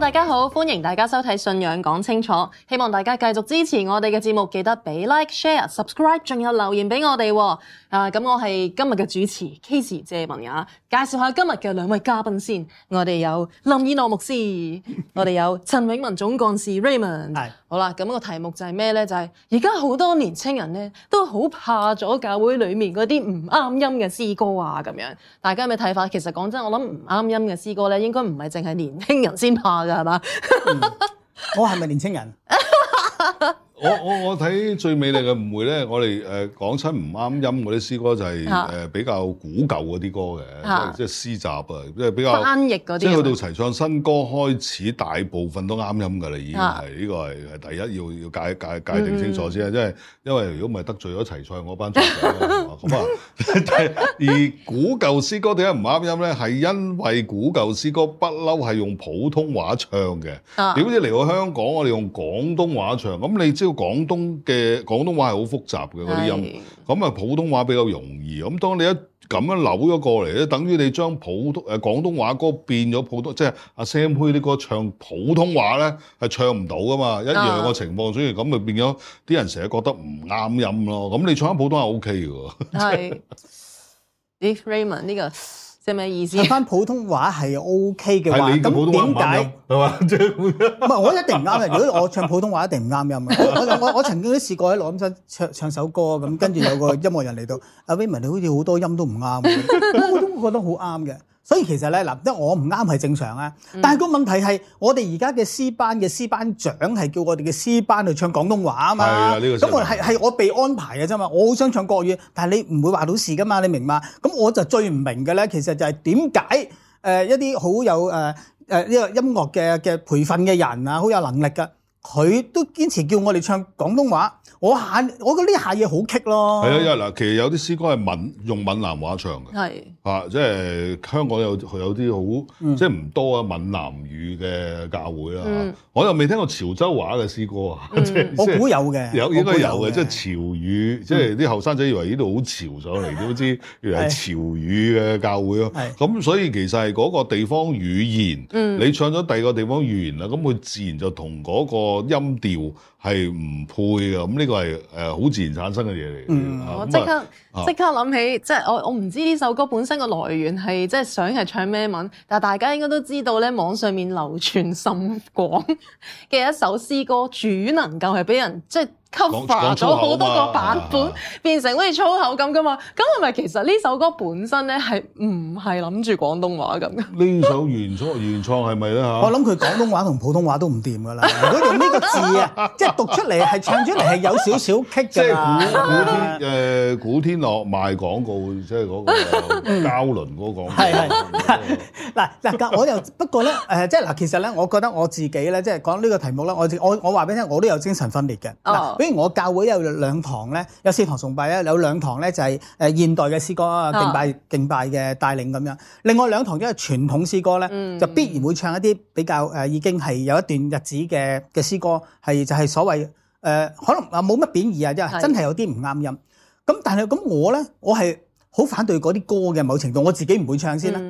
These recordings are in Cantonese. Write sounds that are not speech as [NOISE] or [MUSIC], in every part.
大家好，歡迎大家收睇《信仰講清楚》，希望大家繼續支持我哋嘅節目，記得俾 like、share、subscribe，仲有留言俾我哋、哦。啊，咁、嗯、我係今日嘅主持，Casey 謝文雅，介紹下今日嘅兩位嘉賓先。我哋有林以諾牧師， [LAUGHS] 我哋有陳永文總幹事 Raymond。 [LAUGHS] 好啦，咁個題目就係咩呢？就係而家好多年青人呢都好怕咗教會裏面嗰啲唔啱音嘅詩歌啊，咁樣大家有咩睇法？其實講真，我諗唔啱音嘅詩歌呢應該唔係淨係年青人先怕嘅，係嘛、嗯？我係咪年青人？ [LAUGHS] [LAUGHS] 我我我睇最美麗嘅誤會咧，我哋誒講親唔啱音嗰啲詩歌就係、是、誒、啊呃、比較古舊嗰啲歌嘅、啊，即係詩集啊，即係比較翻譯嗰啲。即係去到齊唱新歌開始，大部分都啱音噶啦，已經係呢個係係第一要要界界界定清楚先、嗯，因為因為如果唔係得罪咗齊唱我班組長啊嘛。咁啊， [LAUGHS] [LAUGHS] 而古舊詩歌點解唔啱音咧？係因為古舊詩歌不嬲係用普通話唱嘅，點知嚟到香港我哋用廣東話唱。 [LAUGHS] 咁、嗯、你知道廣東嘅廣東話係好複雜嘅嗰啲音，咁啊是、嗯、普通話比較容易。咁、嗯、當你一咁樣扭咗過嚟，咧等於你將普通誒廣東話歌變咗普通，即係阿 Sam Hui 啲歌唱普通話咧係唱唔到噶嘛，的一樣嘅情況，所以咁咪變咗啲人成日覺得唔啱音咯。咁、嗯、你唱翻普通話 O K 嘅喎。係的，咦 Raymond 呢個？即係咩意思？唱翻普通話係 OK 嘅話，咁點解係嘛？即係唔係我一定唔啱嘅。如果我唱普通話一定唔啱音啊！我曾經都試過喺錄音室唱唱首歌咁，跟住有個音樂人嚟到，阿、啊、Raymond 你好似好多音都唔啱，我都覺得好啱嘅。所以其實咧，嗱，即我唔啱係正常啊。但係個問題係，我哋而家嘅詩班嘅詩班長係叫我哋嘅詩班去唱廣東話啊嘛。咁我係係我被安排嘅啫嘛。我好想唱國語，但係你唔會話到事噶嘛，你明嘛？咁我就最唔明嘅咧，其實就係點解誒一啲好有誒誒呢個音樂嘅嘅培訓嘅人啊，好有能力㗎，佢都堅持叫我哋唱廣東話。我下我覺得呢下嘢好棘咯。係啊，因為嗱，其實有啲詩歌係閩用閩南話唱嘅。係啊，即係香港有有啲好即係唔多啊閩南語嘅教會啦。我又未聽過潮州話嘅詩歌啊。我估有嘅。有應該有嘅，即係潮語，即係啲後生仔以為呢度好潮上嚟，都知以為係潮語嘅教會咯。咁所以其實係嗰個地方語言，你唱咗第二個地方語言啦，咁佢自然就同嗰個音調。係唔配㗎，咁呢個係誒好自然產生嘅嘢嚟。嗯，啊、我即刻、啊、即刻諗起，即係我我唔知呢首歌本身嘅來源係即係想係唱咩文，但係大家應該都知道咧，網上面流傳甚廣嘅一首詩歌，主能夠係俾人即係。吸 o 咗好多個版本，變成好似粗口咁噶嘛？咁係咪其實呢首歌本身咧係唔係諗住廣東話咁嘅？呢首原創原創係咪咧嚇？我諗佢廣東話同普通話都唔掂㗎啦！如果用呢個字啊，即係 [LAUGHS] 讀出嚟係唱出嚟係有少少棘嘅。古天誒古天樂賣廣告，即係嗰個膠輪嗰個。係係嗱嗱，我又、 [LAUGHS] 嗯、不過咧誒，即係嗱，其實咧，我覺得我自己咧，即係講呢個題目咧，我我我話俾你聽，我都有精神分裂嘅 [LAUGHS] 比如我教會有兩堂咧，有四堂崇拜咧，有兩堂咧就係誒現代嘅詩歌啊敬拜敬拜嘅帶領咁樣。另外兩堂因為傳統詩歌咧，就必然會唱一啲比較誒已經係有一段日子嘅嘅詩歌，係就係、是、所謂誒、呃、可能啊冇乜貶義啊，即係真係有啲唔啱音。咁但係咁我咧，我係好反對嗰啲歌嘅某程度，我自己唔會唱先啦。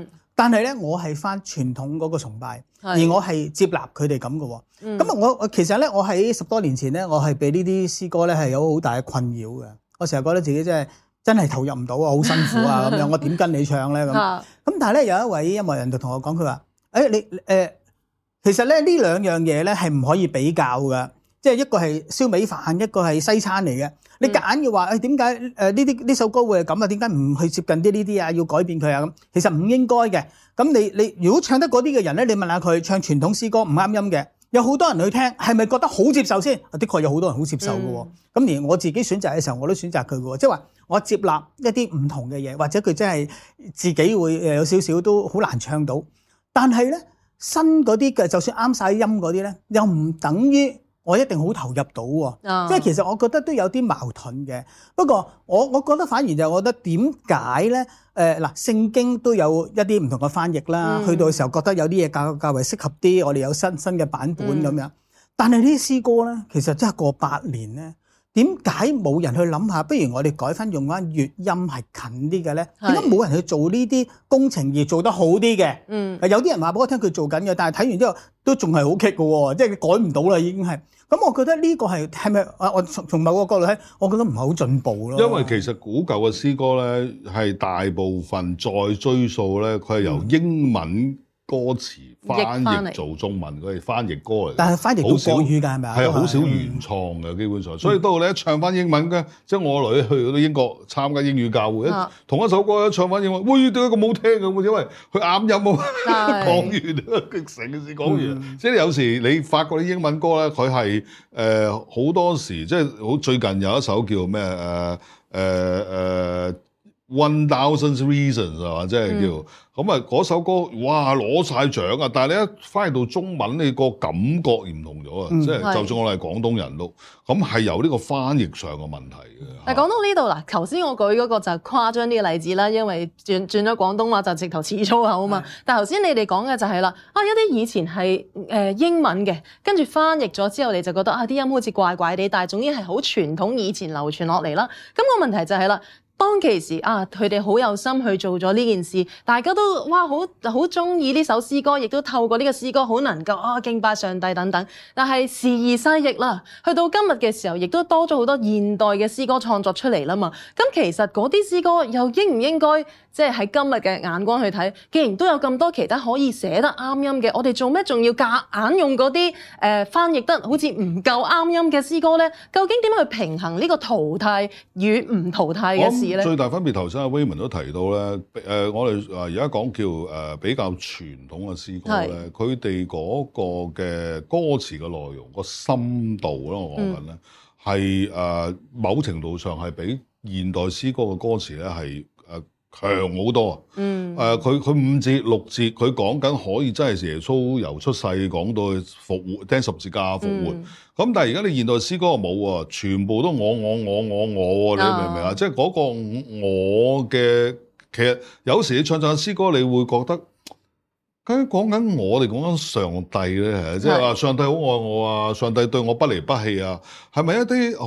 但係咧，我係返傳統嗰個崇拜，是而我係接納佢哋咁嘅。咁啊、嗯，我其實咧，我喺十多年前咧，我係俾呢啲詩歌咧係有好大嘅困擾嘅。我成日覺得自己真係真係投入唔到啊，好辛苦啊咁 [LAUGHS] 樣。我點跟你唱咧咁？咁是但係咧，有一位音樂人就同我講，佢話：誒、欸、你誒、呃，其實咧呢兩樣嘢咧係唔可以比較嘅。即係一個係燒味飯，一個係西餐嚟嘅。你夾硬要話誒點解誒呢啲呢首歌會係咁啊？點解唔去接近啲呢啲啊？要改變佢啊咁，其實唔應該嘅。咁你你如果唱得嗰啲嘅人咧，你問下佢唱傳統詩歌唔啱音嘅，有好多人去聽，係咪覺得好接受先？啊，的確有好多人好接受嘅喎。咁而我自己選擇嘅時候，我都選擇佢嘅喎，即係話我接納一啲唔同嘅嘢，或者佢真係自己會誒有少少都好難唱到。但係咧新嗰啲嘅，就算啱曬音嗰啲咧，又唔等於。我一定好投入到喎，哦、即係其實我覺得都有啲矛盾嘅。不過我我覺得反而就我覺得點解咧？誒、呃、嗱，聖經都有一啲唔同嘅翻譯啦，嗯、去到嘅時候覺得有啲嘢較較為適合啲，我哋有新新嘅版本咁樣。嗯、但係呢啲詩歌咧，其實真係過百年咧。點解冇人去諗下，不如我哋改翻用翻粵音係近啲嘅咧？點解冇人去做呢啲工程而做得好啲嘅？嗯，有啲人話俾我聽，佢做緊嘅，但係睇完之後都仲係好棘嘅喎，即係改唔到啦已經係。咁我覺得呢個係係咪啊？我從從某個角度睇，我覺得唔係好進步咯。因為其實古舊嘅詩歌咧，係大部分再追溯咧，佢係由英文，嗯歌詞翻譯做中文，佢係翻譯歌嚟，但係翻譯好少國語㗎，係咪啊？係啊，好少原創㗎基本上，所以到後、嗯、一唱翻英文嘅，即係我女去到英國參加英語教會，啊、一同一首歌一唱翻英文，喂，點解佢咁好聽㗎？因為佢啱音喎。講完成嘅事，講完，嗯、即係有時你發覺啲英文歌咧，佢係誒好多時，即係好最近有一首叫咩誒誒誒。呃呃呃 One thousand reasons 係嘛，即係叫咁啊！嗰首歌哇攞晒獎啊！但係你一翻譯到中文，你個感覺唔同咗啊！即係、嗯、就，就算我哋係廣東人都，咁係有呢個翻譯上嘅問題嘅。但係、嗯、講到呢度啦，頭先我舉嗰個就係誇張啲嘅例子啦，因為轉轉咗廣東話就直頭似粗口啊嘛。是但係頭先你哋講嘅就係、是、啦，啊一啲以前係誒、呃、英文嘅，跟住翻譯咗之後，你就覺得啊啲音好似怪怪哋，但係總之係好傳統，以前流傳落嚟啦。咁、那個問題就係、是、啦。那個當其時啊，佢哋好有心去做咗呢件事，大家都哇好好鍾意呢首詩歌，亦都透過呢個詩歌好能夠啊敬拜上帝等等。但係時移世易啦，去到今日嘅時候，亦都多咗好多現代嘅詩歌創作出嚟啦嘛。咁其實嗰啲詩歌又應唔應該？即係喺今日嘅眼光去睇，既然都有咁多其他可以寫得啱音嘅，我哋做咩仲要夾硬用嗰啲誒翻譯得好似唔夠啱音嘅詩歌咧？究竟點樣去平衡呢個淘汰與唔淘汰嘅事咧？最大分別，頭先阿 Weiman 都提到咧，誒、呃、我哋啊而家講叫誒比較傳統嘅詩歌咧，佢哋嗰個嘅歌詞嘅內容個深度囉，我講緊咧係誒某程度上係比現代詩歌嘅歌詞咧係。強好多、嗯、啊！誒，佢佢五節六節，佢講緊可以真係耶穌由出世講到復活，聽十字架復活。咁、嗯、但係而家你現代詩歌冇啊，全部都我我我我我，你明唔明啊？哦、即係嗰個我嘅，其實有時你唱唱詩歌，你會覺得。誒講緊我哋講緊上帝咧，即係話上帝好愛我啊，上帝對我不離不棄啊，係咪一啲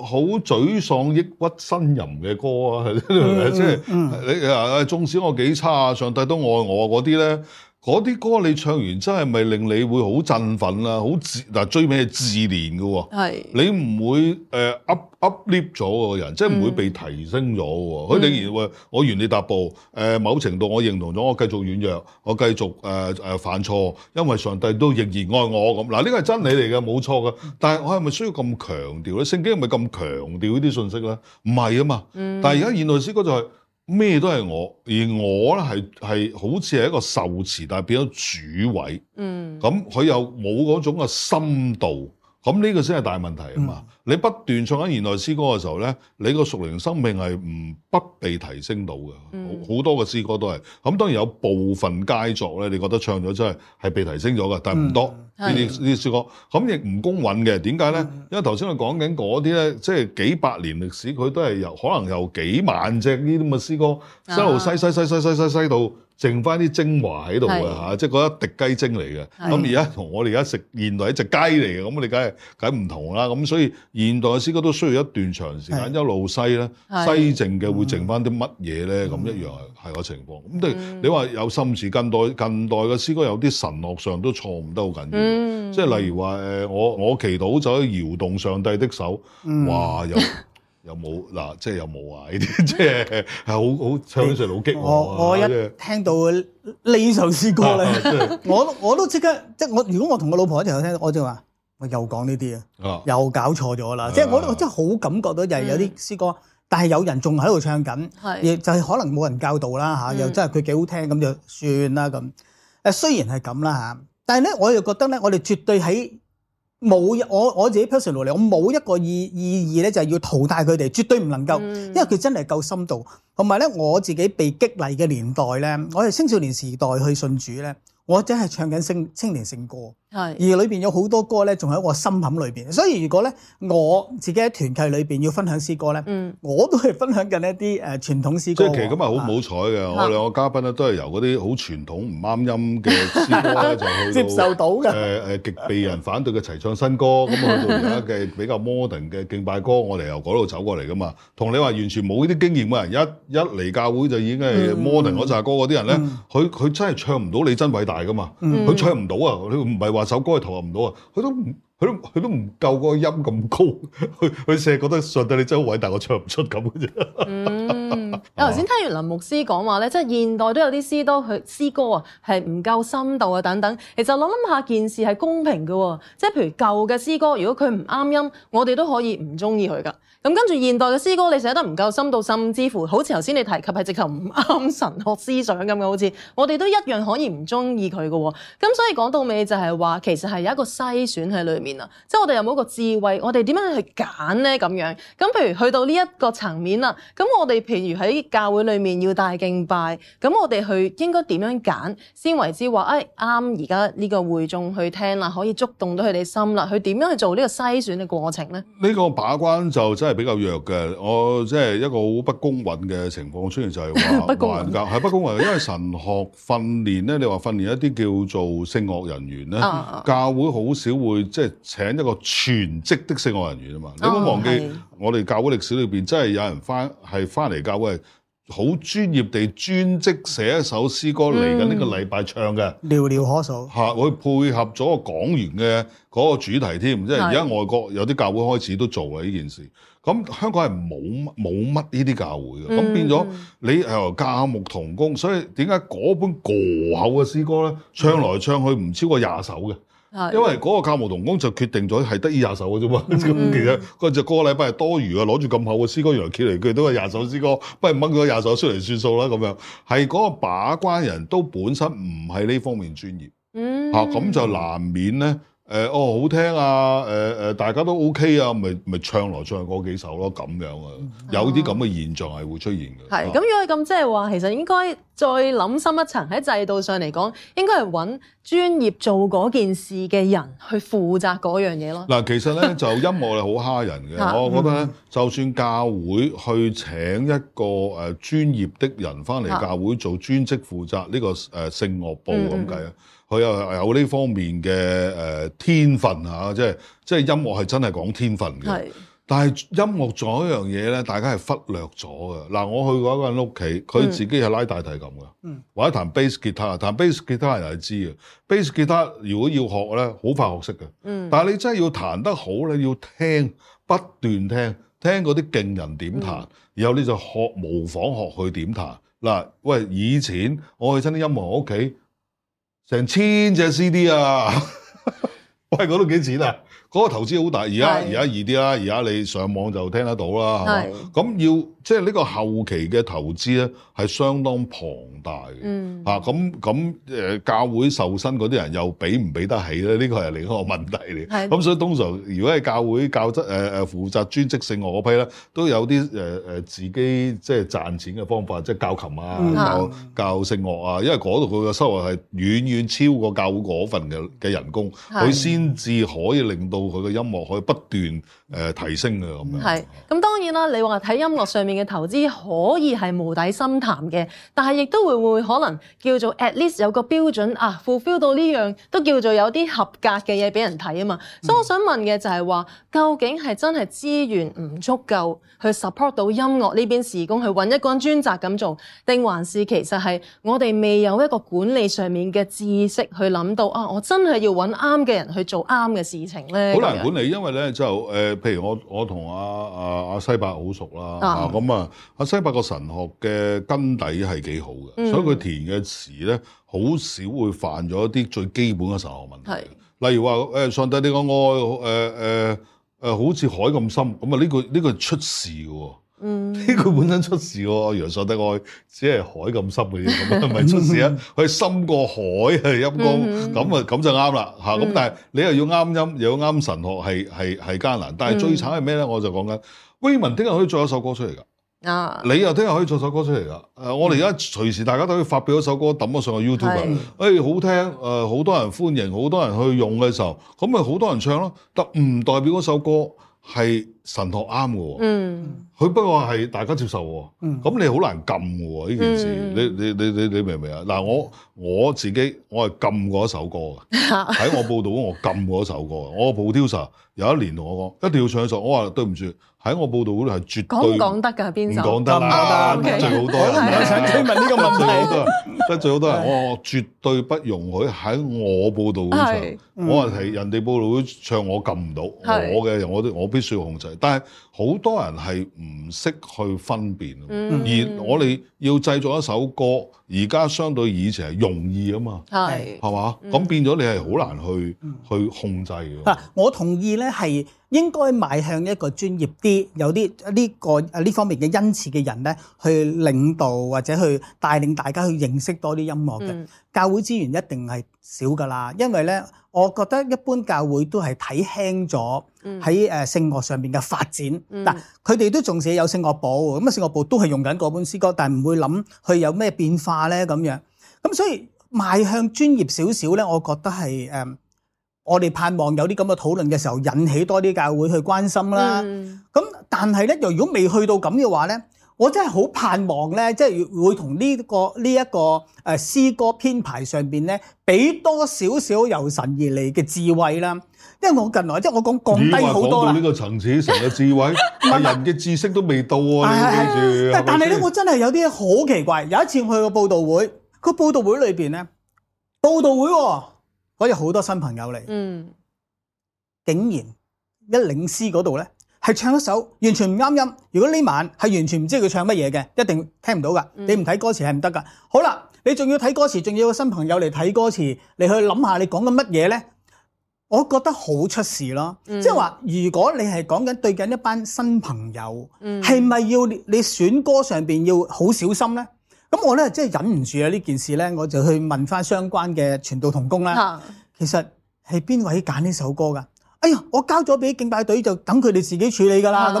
好好沮喪、抑 [LAUGHS] 鬱、嗯、呻吟嘅歌啊？係即係你啊？縱使我幾差，啊？上帝都愛我嗰啲咧。嗰啲歌你唱完真係咪令你會好振奮啊？好自嗱最尾係自憐嘅喎，是你唔會誒、呃、up up lift 咗個人，即係唔會被提升咗喎。佢仍、嗯、然話、呃：我原地踏步，誒、呃、某程度我認同咗，我繼續軟弱，我繼續誒誒、呃呃、犯錯，因為上帝都仍然愛我咁。嗱呢個係真理嚟嘅，冇錯嘅。但係我係咪需要咁強調咧？聖經係咪咁強調呢啲信息咧？唔係啊嘛。嗯、就是。但係而家現代詩歌就係。咩都係我，而我咧係係好似係一個受詞，但係變咗主位。嗯，咁佢又冇嗰種嘅深度，咁呢個先係大問題啊嘛。嗯你不斷唱緊現代詩歌嘅時候咧，你個屬靈生命係唔不被提升到嘅，好多嘅詩歌都係。咁當然有部分佳作咧，你覺得唱咗真係係被提升咗嘅，但係唔多呢啲呢啲詩歌。咁亦唔公允嘅，點解咧？因為頭先我講緊嗰啲咧，即係幾百年歷史，佢都係由可能由幾萬隻呢啲咁嘅詩歌，西西西西西西西到剩返啲精華喺度嘅嚇，即係嗰一滴雞精嚟嘅。咁而家同我哋而家食現代一隻雞嚟嘅，咁你梗係梗唔同啦。咁所以。現代嘅詩歌都需要一段長時間，一路篩咧，篩淨嘅會剩翻啲乜嘢咧？咁一樣係個情況。咁即、e 嗯、你話有心事，近代近代嘅詩歌有啲神學上都錯誤得好緊要。嗯、即係例如話誒，我我祈禱就可以搖動上帝的手，嗯、哇！又又冇嗱，就是、bah, 即係又冇啊！呢啲即係係好好唱衰老激我。我一聽到呢首詩歌咧，我我都即刻即係我如果我同我老婆一齊去聽，我就話。又講呢啲啊，又搞錯咗啦！即係我我真係好感覺到，就係有啲詩歌，但係有人仲喺度唱緊，亦就係可能冇人教導啦嚇，又真係佢幾好聽，咁就算啦咁。誒，雖然係咁啦嚇，但係咧，我又覺得咧，我哋絕對喺冇我我自己 personal，努力，我冇一個意意義咧，就係要淘汰佢哋，絕對唔能夠，因為佢真係夠深度，同埋咧我自己被激勵嘅年代咧，我哋青少年時代去信主咧。我真係唱緊青青年聖歌，而裏邊有好多歌咧，仲喺我心坎品裏邊。所以如果咧我自己喺團契裏邊要分享詩歌咧，我都係分享緊一啲誒傳統詩歌。即係、嗯、其實今日好好彩嘅。是我兩個嘉賓咧都係由嗰啲好傳統唔啱音嘅詩歌咧，就去 [LAUGHS] 接受到嘅誒誒極被人反對嘅齊唱新歌，咁啊去到而家嘅比較 modern 嘅敬拜歌，我哋由嗰度走過嚟噶嘛。同你話完全冇呢啲經驗啊。一一嚟教會就已經係 modern 嗰扎歌嗰啲人咧，佢佢、嗯、真係唱唔到你真偉大。大噶嘛，佢、嗯、唱唔到啊！佢唔係話首歌係投入唔到啊，佢都唔，佢都佢都唔夠嗰個音咁高，佢佢成日覺得上帝你真係好偉大，我唱唔出咁嘅啫。你頭先聽完林牧師講話咧，即係現代都有啲詩歌，佢詩歌啊，係唔夠深度啊等等。其實諗諗下件事係公平嘅喎，即係譬如舊嘅詩歌，如果佢唔啱音，我哋都可以唔中意佢噶。咁跟住現代嘅詩歌，你寫得唔夠深度，甚至乎好似頭先你提及係直頭唔啱神學思想咁嘅，好似我哋都一樣可以唔中意佢嘅。咁所以講到尾就係話，其實係有一個篩選喺裡面啊，即係我哋有冇一個智慧，我哋點樣去揀咧咁樣？咁譬如去到呢一個層面啊，咁我哋譬如喺喺教會裏面要帶敬拜，咁我哋去應該點樣揀，先為之話誒啱？而家呢個會眾去聽啦，可以觸動到佢哋心啦。佢點樣去做呢個篩選嘅過程咧？呢個把關就真係比較弱嘅。我即係一個好不公允嘅情況，雖然就係、是、話 [LAUGHS] 不公允平係 [LAUGHS] 不公允。因為神學訓練咧，你話訓練一啲叫做聖樂人員咧， [LAUGHS] 教會好少會即係請一個全職的聖樂人員啊嘛。你冇忘記。 [LAUGHS] 我哋教會歷史裏邊真係有人翻係翻嚟教會，好專業地專職寫一首詩歌嚟緊呢個禮拜唱嘅、嗯，寥寥可數。嚇，佢配合咗個講員嘅嗰個主題添，即係而家外國有啲教會開始都做啊呢件事。咁是香港係冇冇乜呢啲教會嘅，咁、嗯、變咗你係教牧同工，所以點解嗰本過厚嘅詩歌咧，唱來唱去唔超過廿首嘅？嗯因為嗰個靠無同工就決定咗係得意廿首嘅啫嘛，咁其實佢就個個禮拜係多餘嘅，攞住咁厚嘅詩歌，原來佢嚟佢都係廿首詩歌，不如掹佢廿首出嚟算數啦咁樣，係嗰個把關人都本身唔係呢方面專業，嚇咁、嗯啊、就難免咧。誒、呃、哦好聽啊！誒、呃、誒大家都 OK 啊，咪咪唱來唱去嗰幾首咯，咁樣啊，嗯、有啲咁嘅現象係會出現嘅。係咁，如果咁即係話，其實應該再諗深一層，喺制度上嚟講，應該係揾專業做嗰件事嘅人去負責嗰樣嘢咯。嗱，其實咧就音樂係好蝦人嘅， [LAUGHS] 我覺得咧，嗯、就算教會去請一個誒專業的人翻嚟教會做專職負責呢、呢個誒聖樂部咁計啊。嗯嗯。佢又有呢方面嘅誒、呃、天分啊！即係即係音樂係真係講天分嘅。是但係音樂仲有一樣嘢咧，大家係忽略咗嘅。嗱，我去嗰間屋企，佢自己係拉大提琴嘅，嗯、或者彈 bass guitar，彈 bass guitar 人係知嘅。bass guitar 如果要學咧，好快學識嘅。嗯，但係你真係要彈得好，你要聽不斷聽，聽嗰啲勁人點彈，嗯、然後你就學模仿學佢點彈。嗱，喂，以前我去親啲音樂屋企。成千隻 CD 啊！嗰度幾錢啊？嗰、 [MUSIC] 那個投資好大，而家而家易啲啦，而家你上網就聽得到啦。咁要即係呢個後期嘅投資咧，係相當龐大嘅。嗯，嚇咁咁誒，教會受薪嗰啲人又俾唔俾得起咧？呢、這個係另一個問題嚟。咁的所以通常如果係教會教質誒誒負責專職性樂嗰批咧，都有啲誒誒自己即係、呃、賺錢嘅方法，即係教琴啊、教教聖樂啊。因為嗰度佢嘅收入係遠遠超過教會嗰份嘅嘅人工，佢先的。至可以令到佢嘅音樂可以不斷誒提升嘅。咁樣係咁當然啦，你話睇音樂上面嘅投資可以係無底深潭嘅，但係亦都會會可能叫做 at least 有個標準啊，fulfill 到呢樣都叫做有啲合格嘅嘢俾人睇啊嘛。嗯，所以我想問嘅就係話究竟係真係資源唔足夠去 support 到音樂呢邊事工去揾一個專責咁做，定還是其實係我哋未有一個管理上面嘅知識去諗到啊？我真係要揾啱嘅人去做啱嘅事情咧，好難管理，因為咧就誒、呃、譬如，我我同阿阿阿西伯好熟啦，啊，咁啊阿西伯個、啊啊啊、神學嘅根底係幾好嘅，嗯、所以佢填嘅詞咧好少會犯咗一啲最基本嘅神學問題，是例如話誒、呃、上帝你講愛誒誒誒好似海咁深，咁啊呢個呢、這個、這個，出事呢個 [LAUGHS] 本身出事喎，啊，楊尚德愛只係海咁深嘅嘢，唔係出事啊，佢 [LAUGHS] 深過海啊，陰公咁啊，咁 [LAUGHS] 就啱啦嚇。咁 [LAUGHS] 但係你又要啱音， [LAUGHS] 又要啱神學，係係係艱難。但係最慘係咩咧？我就講緊威文聽日可以作一首歌出嚟㗎啊！你又聽日可以作首歌出嚟㗎？誒、嗯啊，我哋而家隨時大家都可以發表一首歌抌咗上 YouTube 嘅是，好聽、 [LAUGHS] 哎，誒好多人歡迎，好多人去用嘅時候，咁咪好多人唱咯。但唔代表嗰首歌係。神學啱嘅，佢不過係大家接受，咁你好難禁嘅喎呢件事，你你你你你明唔明啊？嗱，我我自己我係禁過一首歌嘅，喺我報道嗰我禁過一首歌嘅，我報 producer 有一年同我講，一定要唱熟，我話對唔住，喺我報道嗰度係絕對講講得㗎，邊首唔講得啦，最好多人啦，你問呢個問題，最好多人，我絕對不容許喺我報道嗰唱，我話係，人哋報道嗰唱我禁唔到，我嘅我我必須控制。但係好多人係唔識去分辨，嗯、而我哋要製作一首歌，而家相對以前係容易啊嘛，係係嘛，咁係嘛、嗯、變咗你係好難去、嗯、去控制嘅。嗱，我同意咧係。應該邁向一個專業啲、有啲呢、呢個呢方面嘅恩賜嘅人咧，去領導或者去帶領大家去認識多啲音樂嘅、嗯、教會資源一定係少㗎啦。因為咧，我覺得一般教會都係睇輕咗喺誒聖樂上面嘅發展。嗱、嗯，佢哋都仲寫有聖樂部，咁啊聖樂部都係用緊嗰本詩歌，但唔會諗佢有咩變化咧咁樣。咁所以邁向專業少少咧，我覺得係誒。嗯我哋盼望有啲咁嘅討論嘅時候，引起多啲教會去關心啦。咁、嗯、但係咧，又如果未去到咁嘅話咧，我真係好盼望咧，即係會同呢、這個呢一、這個誒詩歌編排上邊咧，俾多少少由神而嚟嘅智慧啦。因為我近來，即係我講降低好多啦。呢個層次成個智慧， [LAUGHS] 人嘅知識都未到啊。係係係。 [LAUGHS] 但係咧，我真係有啲好奇怪。有一次去個報道會，個報道會裏邊咧，報道會、哦。所以好多新朋友嚟，嗯、竟然一領詩嗰度咧，係唱一首完全唔啱音。如果呢晚係完全唔知佢唱乜嘢嘅，一定聽唔到噶、嗯。你唔睇歌詞係唔得噶。好啦，你仲要睇歌詞，仲要個新朋友嚟睇歌詞，你去諗下你講緊乜嘢咧？我覺得好出事咯。即係話，如果你係講緊對緊一班新朋友，係咪、嗯、要你選歌上邊要好小心咧？咁我咧真係忍唔住啊！呢件事咧，我就去問翻相關嘅傳道同工啦。啊、其實係邊位揀呢首歌㗎？哎呀，我交咗俾敬拜隊，就等佢哋自己處理㗎啦。咁、啊、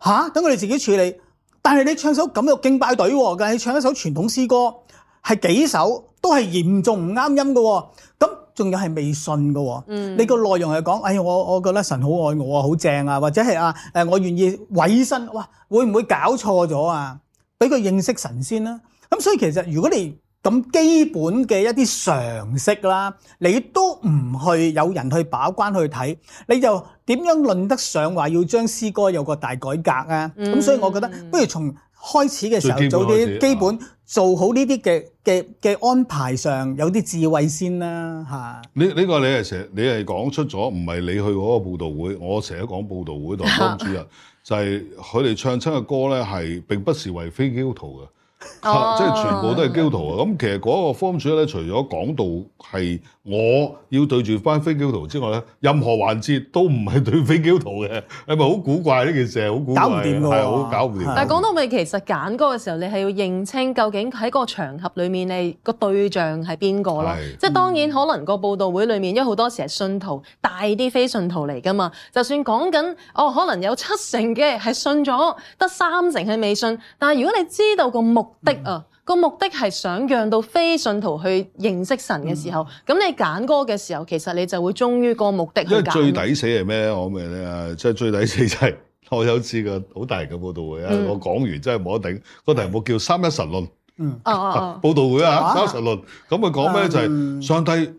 樣嚇、啊，等佢哋自己處理。但係你唱首咁樣敬拜隊㗎、啊，你唱一首傳統詩歌，係幾首都係嚴重唔啱音㗎。咁、啊、仲有係未信㗎？嗯、你個內容係講，哎呀，我我覺得神好愛我啊，好正啊，或者係啊誒，我願意委身。哇，會唔會搞錯咗啊？俾佢認識神先啦。咁所以其實如果你咁基本嘅一啲常識啦，你都唔去有人去把關去睇，你就點樣論得上話要將詩歌有個大改革啊？咁、嗯、所以我覺得不如從開始嘅時候做啲基本做好呢啲嘅嘅嘅安排上有啲智慧先啦嚇。呢、啊、呢、呢個你係成日你係講出咗，唔係你去嗰個報道會，我成日講報道會當主任，啊、就係佢哋唱親嘅歌咧，係並不是為非基督徒嘅。啊、即係全部都係基督徒啊！咁其實嗰個方處咧，除咗講道係我要對住翻非基督徒之外咧，任何環節都唔係對非基督徒嘅。係咪好古怪？呢件事係好古怪，係好搞唔掂。但係的的講到尾，其實揀歌嘅時候，你係要認清究竟喺個場合裡面你個對象係邊個啦。的即係當然可能個佈道會裡面，因為好多時係信徒帶啲非信徒嚟㗎嘛。就算講緊哦，可能有七成嘅係信咗，得三成係未信，但係如果你知道個目的啊，個、嗯、目的係想讓到非信徒去認識神嘅時候，咁、嗯、你揀歌嘅時候，其實你就會忠於個目的去揀。因為最抵死係咩？我明啊，即係最抵死就係我有次個好大型嘅報道會啊，我講完真係冇得頂。個題目叫《三一神論》。嗯，報道會啊，《三一神論》。咁佢講咩？就係、是、上帝，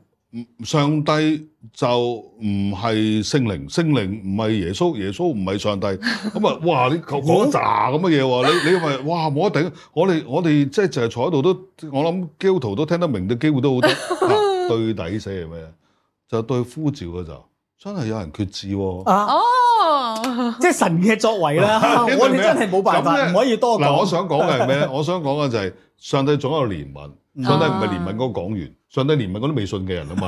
上帝。就唔係聖靈，聖靈唔係耶穌，耶穌唔係上帝。咁啊， [LAUGHS] 哇！你講一拃咁嘅嘢喎？你你話哇，冇得頂，我哋我哋即係淨係坐喺度都，我諗基督徒都聽得明，都機會都好多。 [LAUGHS] 啊、對底死係咩？就對呼召嘅就真係有人決志喎。啊哦。即係神嘅作為啦，我哋真係冇辦法，唔可以多講。嗱，我想講嘅係咩咧？我想講嘅就係上帝總有憐憫，上帝唔係憐憫嗰啲講員，上帝憐憫嗰啲未信嘅人啊嘛。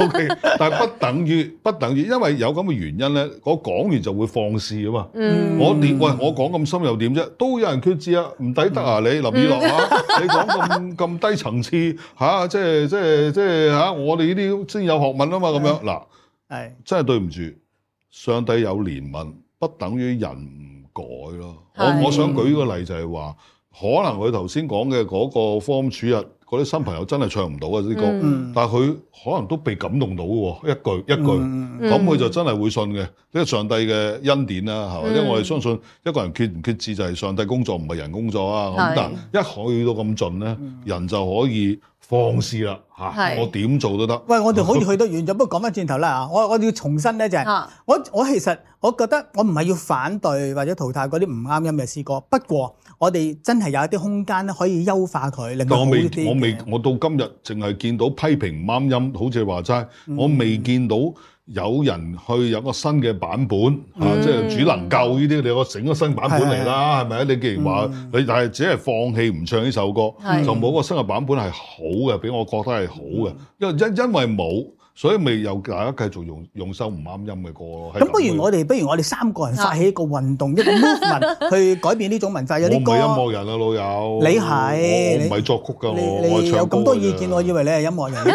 OK，但係不等於不等於，因為有咁嘅原因咧，嗰講員就會放肆啊嘛。我點喂？我講咁深又點啫？都有人決志啊，唔抵得啊你林雨樂啊，你講咁咁低層次嚇，即係即係即係嚇，我哋呢啲先有學問啊嘛咁樣。嗱，係真係對唔住，上帝有憐憫。不等於人唔改咯。是我我想舉一個例就係話，可能佢頭先講嘅嗰個方主日嗰啲新朋友真係唱唔到啊啲歌，嗯、但係佢可能都被感動到喎，一句一句，咁佢、嗯、就真係會信嘅，呢個上帝嘅恩典啦，係嘛？嗯、因為我哋相信一個人決唔決志就係上帝工作，唔係人工作啊。咁、嗯、但係一去到咁盡呢，嗯、人就可以。放肆啦嚇！嗯、我點做都得。喂，我哋可以去到遠咗，我不過講翻轉頭啦嚇，我我哋要重申咧就係，啊、我我其實我覺得我唔係要反對或者淘汰嗰啲唔啱音嘅詩歌，不過我哋真係有一啲空間咧可以優化佢，令到我未我未，我，未我到今日淨係見到批評唔啱音，好似話齋，嗯、我未見到。有人去，有個新嘅版本、嗯、啊，即係主能夠呢啲，你我整個新版本嚟啦，係咪的你既然話你，嗯、但係只係放棄唔唱呢首歌，的就冇個新嘅版本係好嘅，俾我覺得係好嘅，因因、嗯、因為冇。所以咪又大家繼續用用首唔啱音嘅歌咯。咁不如我哋，不如我哋三個人發起一個運動，一個 movement 去改變呢種文化。你唔係音樂人啊，老友。你係，我唔係作曲㗎。你你有咁多意見，我以為你係音樂人。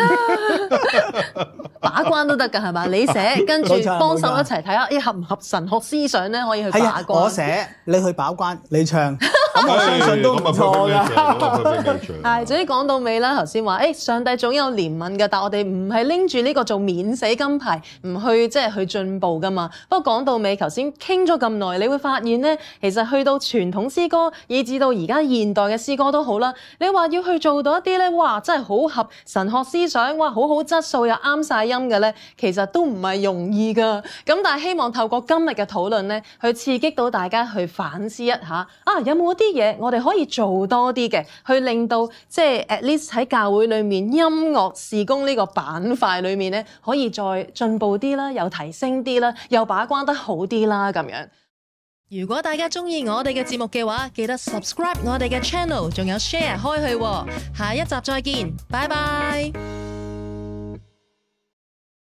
把關都得㗎，係嘛？你寫，跟住幫手一齊睇下，誒合唔合神學思想咧，可以去把關。我寫，你去把關，你唱。咁我相信都唔錯㗎。係，總之講到尾啦。頭先話誒，上帝總有憐憫㗎，但係我哋唔係拎住呢呢個做免死金牌唔去即係去進步噶嘛？不過講到尾，頭先傾咗咁耐，你會發現咧，其實去到傳統詩歌，以至到而家現代嘅詩歌都好啦。你話要去做到一啲咧，哇，真係好合神學思想，哇，好好質素又啱晒音嘅咧，其實都唔係容易噶。咁但係希望透過今日嘅討論咧，去刺激到大家去反思一下，啊，有冇一啲嘢我哋可以做多啲嘅，去令到即係 at least 喺教會裏面音樂事工呢個板塊裏面。面咧可以再進步啲啦，又提升啲啦，又把關得好啲啦。咁樣，如果大家中意我哋嘅節目嘅話，記得 subscribe 我哋嘅 channel，仲有 share 開去。下一集再見，拜拜。